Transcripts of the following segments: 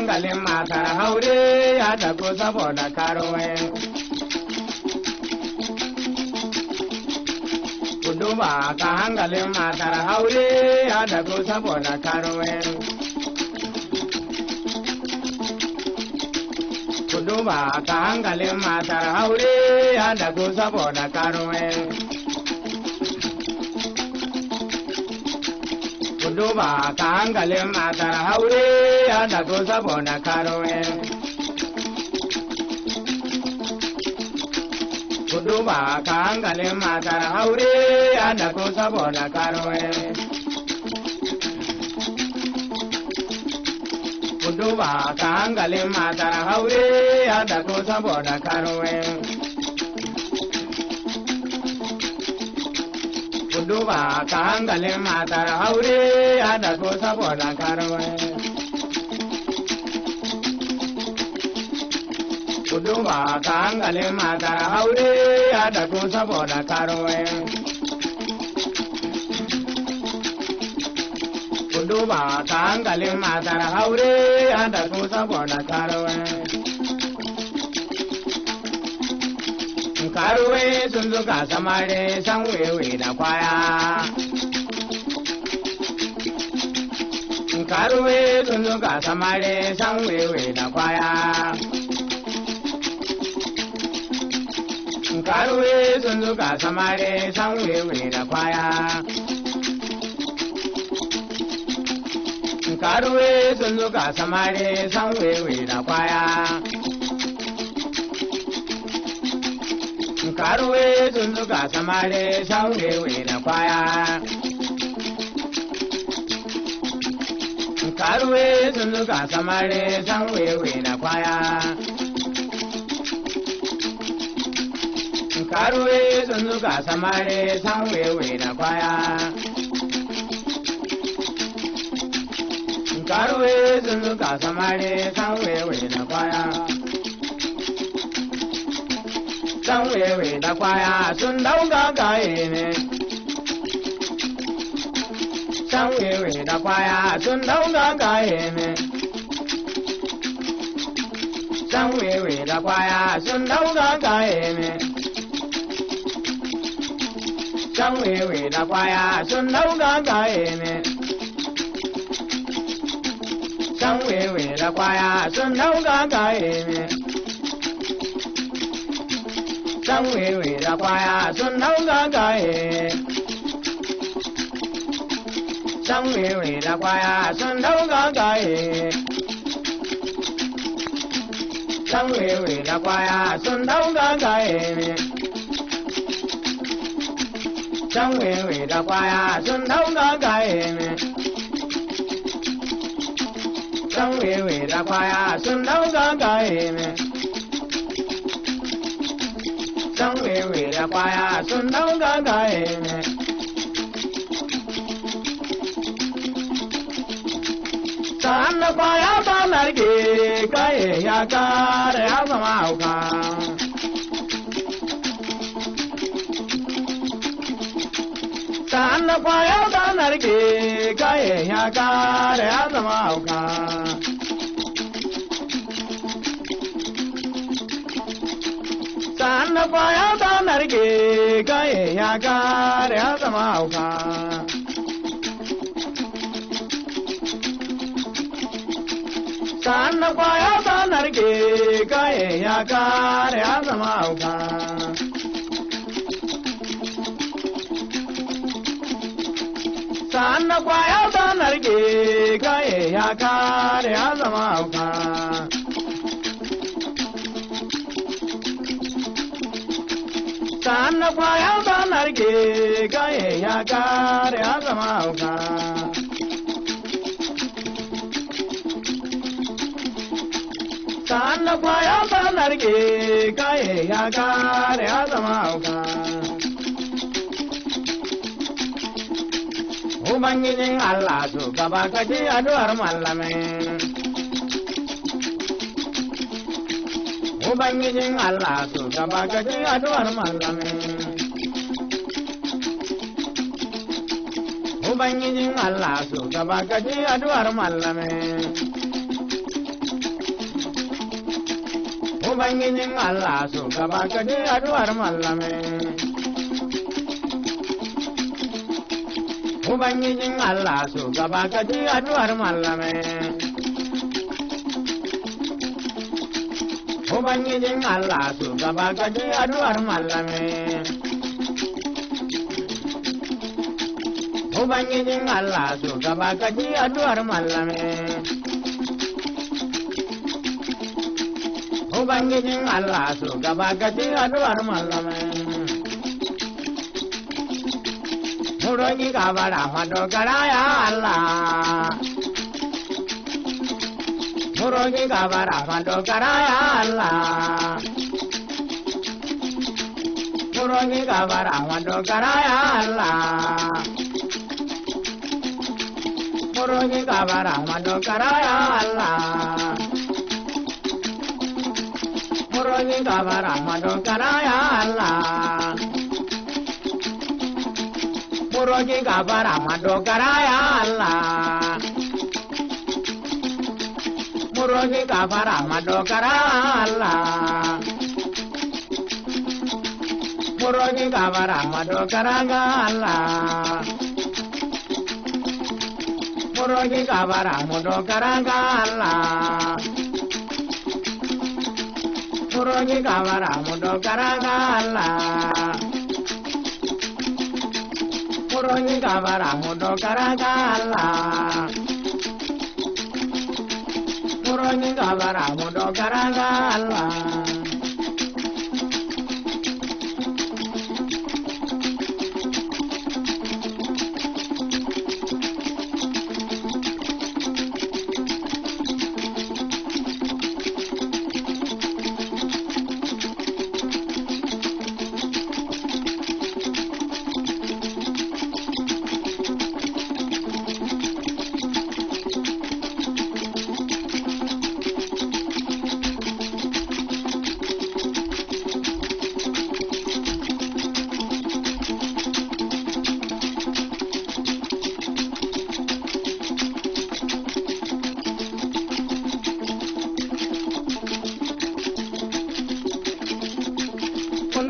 hankalin matar haure ya tagu saboda karuwe. Kuduba ka hangalin matar haure ya tagu saboda karuwe. Kuduba ka hangalin matar haure ya tagu saboda karuwe. duba ka hankalin matar haure ya natsu saboda karowe. Ku duba ka hankalin matar haure ya natsu saboda karowe. duba ka hankalin matar haure ya da ko saboda karuwe. duba ka hankalin matar aure ya dago saboda karuwa. Ku duba ka hankalin matar aure ya dago saboda karuwa. duba ka hankalin matar aure ya da su saboda karuwa. karuwe sun zuka samare san wewe da kwaya karuwe sun zuka samare san wewe da kwaya karuwe sun zuka samare san wewe da kwaya karuwe sun zuka samare san wewe da kwaya karuwe dunduka samare shaurewe na kwaya karuwe dunduka samare shaurewe na kwaya karuwe dunduka samare shaurewe na kwaya karuwe dunduka samare shaurewe na kwaya 香喂喂的瓜呀，种到乌嘎嘎里面。香的瓜呀，种到乌嘎嘎里面。香的瓜呀，种到乌嘎嘎里面。香的瓜呀，种到乌嘎嘎里面。香的瓜呀，种到乌嘎嘎 dan wewe da kwaya sun hau gagaye. Dan wewe da kwaya sun hau gagaye. Dan wewe da kwaya sun hau gagaye. Dan wewe da kwaya sun hau gagaye. Dan wewe da kwaya sun hau gagaye. dan wewe eh, eh. eh, da kwaya sun dau gagaye ne. Sa'an na kwaya ta narke kaye ya kare ya zama hauka. Sa'an na kwaya ta narke kaye ya kare ya zama hauka. ta kwaya ta narke kaye ya kare ya zama hauka. Ta kwaya ta narke kaye ya kare ya zama hauka. Ta kwaya ta narke kaye ya kare ya zama hauka. Hanna kwaya ta narke gaye ya kare ya zama hauka. Ta hanna kwaya ta narke gaye ya kare ya zama hauka. Ubangijin Allah su gaba kaji addu'ar mallamin. Ubangijin Allah su gaba gaji addu'ar malamai. Ubangijin Allah su gaba gaji addu'ar mallame. Ubangijin Allah su gaba gaji addu'ar mallame. Ubangijin Allah su gaba gaji addu'ar mallame. Ubangijin Allah su gaba gaji addu'ar mallame. Ubangijin Allah shugaba ka ji addu'ar mallame. Ubangijin Allah su gaba gaji addu'ar mallamai. Mu roƙi gabara madogara ya Allah. Mu madogara ya Allah. madogara ya Allah. furuji kabara madogara ya Allah furuji kabara madogara ya Allah furuji kabara koro ki kabara kara karangala koro ki kabara kara karangala koro ki kabara kara karangala koro ki kabara kara karangala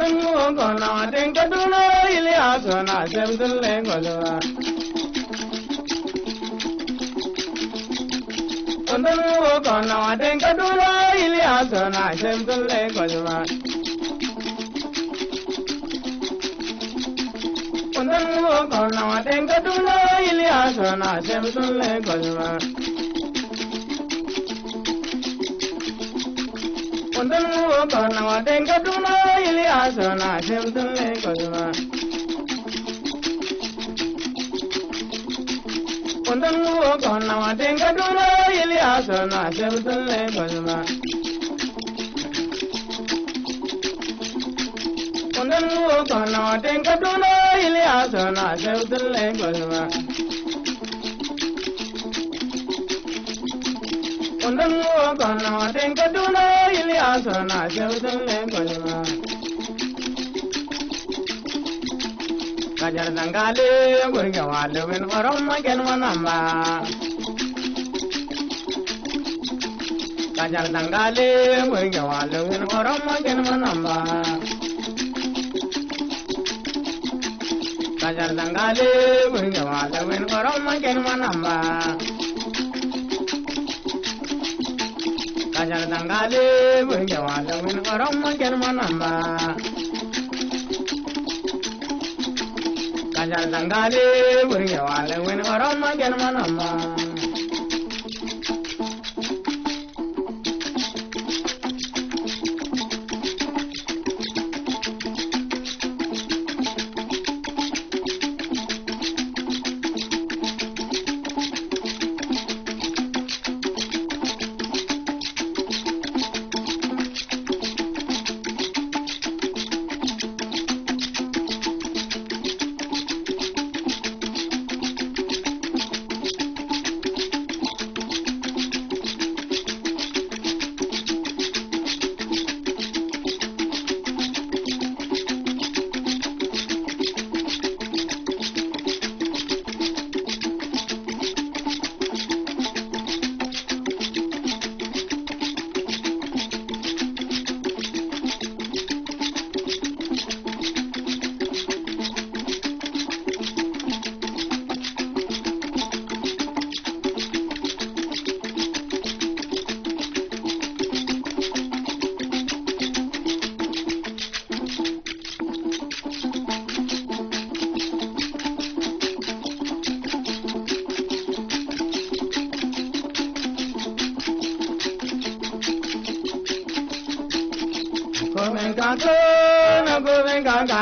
dungo kola den kaduna ilyasu na sebdulle golwa dungo kola den kaduna ilyasu na sebdulle golwa dungo kola den kaduna ilyasu na sebdulle golwa kundin mu ba na wa den ka ili aso na sim dum me ko duma kundin na ili aso na sim dum me ko duma kundin na ili aso na sim dum me ko duma Kundin na ni a sɔrɔ na sew tun bɛ bɔnɲɔgɔn ka jarisangale burukɛ wa lobin ɔrɔn ma kɛnɛma namba ka jarisangale burukɛ wa lobin ɔrɔn ma kɛnɛma namba ka jarisangale burukɛ wa lobin ɔrɔn ma ajar dangale bunge wala mun orang mungkin manamba kajar dangale bunge wala mun orang mungkin manamba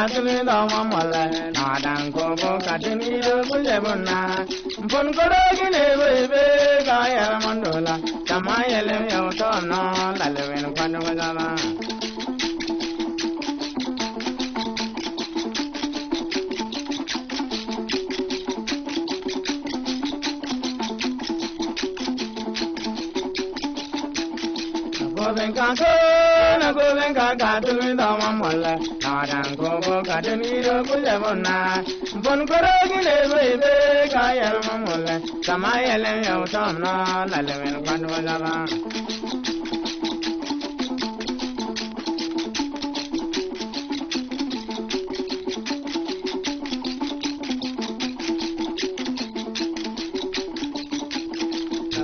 asini dama mola na dan ko ko katini do kule bunna mpon ko gine bebe ga yar mandola tama yele yo to no lalwen kwanu gala Go ben ka go na go tu mi da ma madan gogo kademiro kulemona bon korogile bebe kayel mamule kamayelen yautomno lalemen kwadwalaba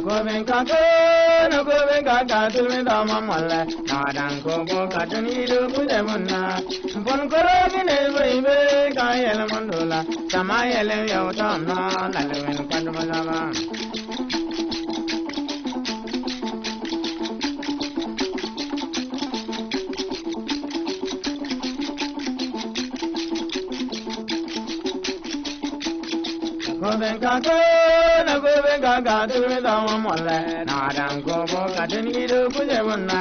Govin kanto wani gobe ka ka me da mamalle na dan kogo ka tun ido kude munna bon koro gine bai be ka yel mandula sama yele yau ta na lalwin kadma zaba Gobe ka kai re ga ga tu re da wa mo le na dan ko bo ka den gi du ku je won na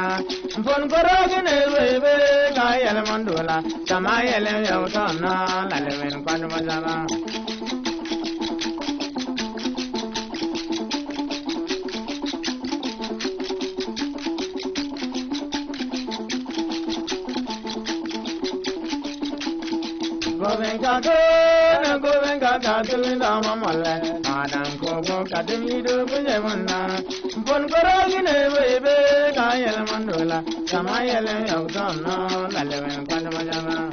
fon ko ro ge ne re be ka yel mon du la sama yel yo ton na la le wen kwan ma ja la Govinga go, Govinga katuli da mamale, Adam kogo katuli do kujemana, Mpon koragi ne webe, Kayel mandula, Kamayele yautana, Lalewen kwanamajana.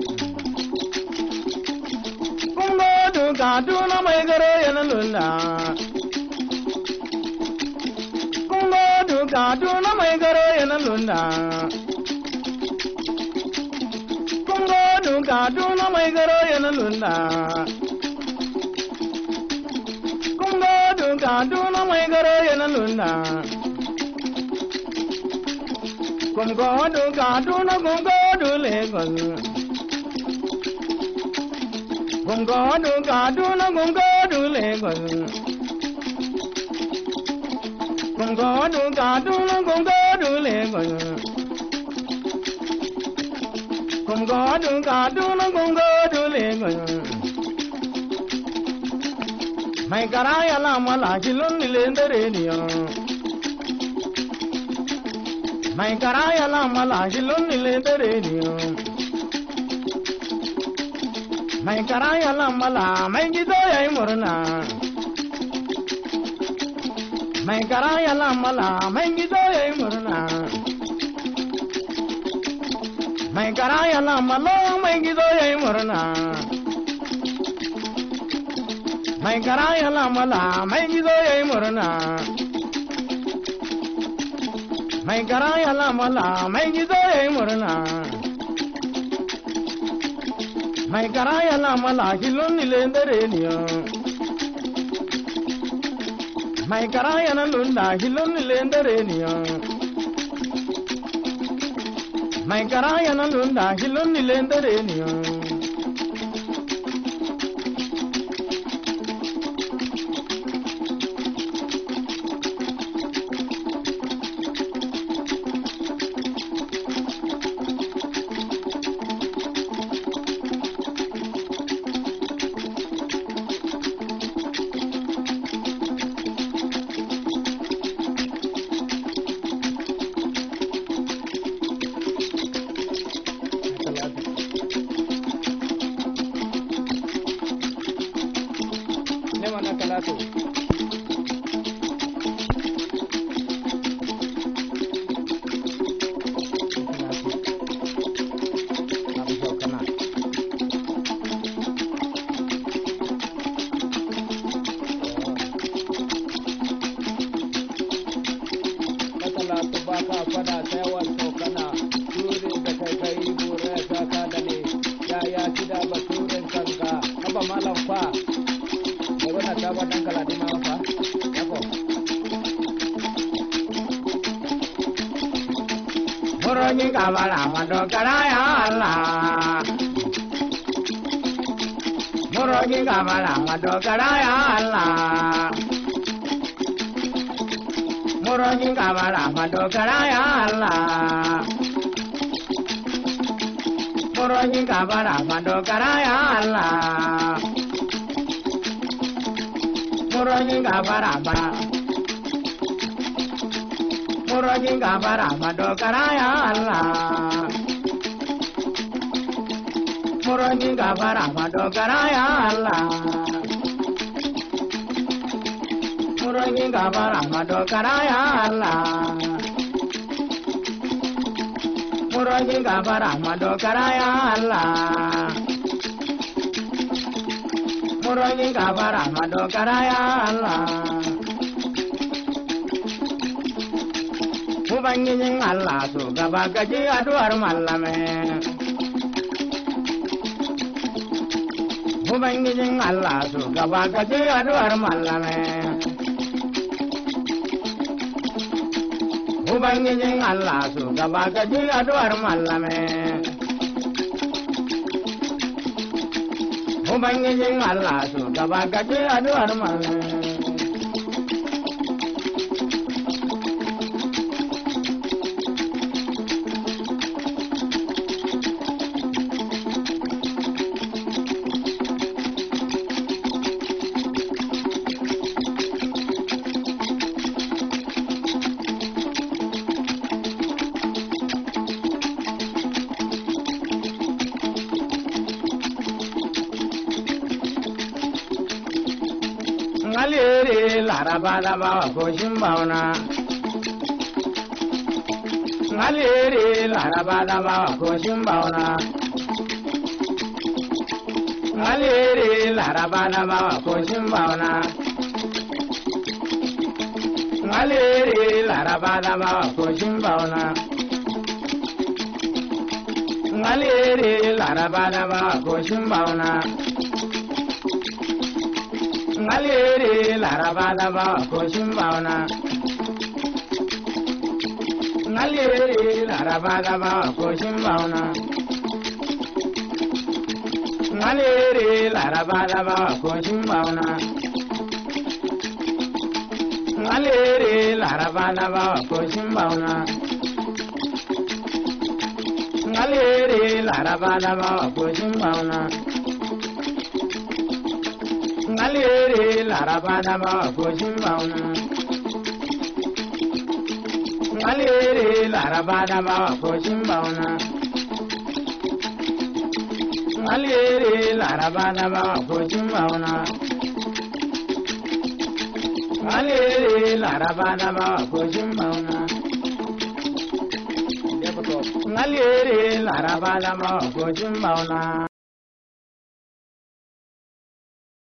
తాటూన మైగరో ఎనలున్నా కుంగోడు తాటూన మైగరో ఎనలున్నా కుంగోడు తాటూన మైగరో ఎనలున్నా కుంగోడు తాటూన మైగరో ఎనలున్నా కుంగోడు కాటూన కుంగోడు లేకొల్లు gồm có đường cả đu là gồm có đường lệ gồm gồm có đường cả đu là gồm có đường lệ gồm gồm có đường cả đu là gồm có đường lệ gồm mày cả ra ya la mà là chỉ luôn đi lên đây đi mày cả ra ya la mà là chỉ luôn đi lên đây đi mai karaya lambala mai gido ya la mala ji do yi murna mai karaya lambala mai gido ya yi murna mai karaya lambala mai gido ya yi murna mai karaya lambala mai gido ya yi murna mai karaya lambala mai gido ya yi murna maikaraayala malahilonni lendereniyo maikaraayalallunda hilonni lendereniyo maikaraayalallunda hilonni lendereniyo bara wa dogara ya Allah murojin gafara madogara ya Allah. Murojin gafara madogara ya Allah. Murojin gafara madogara ya Allah. Murojin gafara madogara ya Allah. Murojin gafara madogara ya Allah. Ubangijin Allah su gaba gaji addu'ar mallame. Ubangijin Allah su gaba gaji addu'ar mallame. Ubangijin Allah su gaba gaji addu'ar mallame. Ubangijin Allah su gaba gaji mallame. laba goshin bauna. Ngalere laraba laba goshin bauna. Ngalere laraba laba goshin bauna. Ngalere laraba laba goshin bauna. Ngalere laraba laba goshin bauna. ngalere laraba laba koshin bauna ngalere laraba laba koshin bauna ngalere laraba laba koshin bauna ngalere laraba laba koshin bauna ngalere laraba laba koshin bauna ngalere laraba na ma gojima ngalere laraba na ma gojima ngalere laraba na ma gojima ngalere laraba na ma gojima ngalere laraba na ma gojima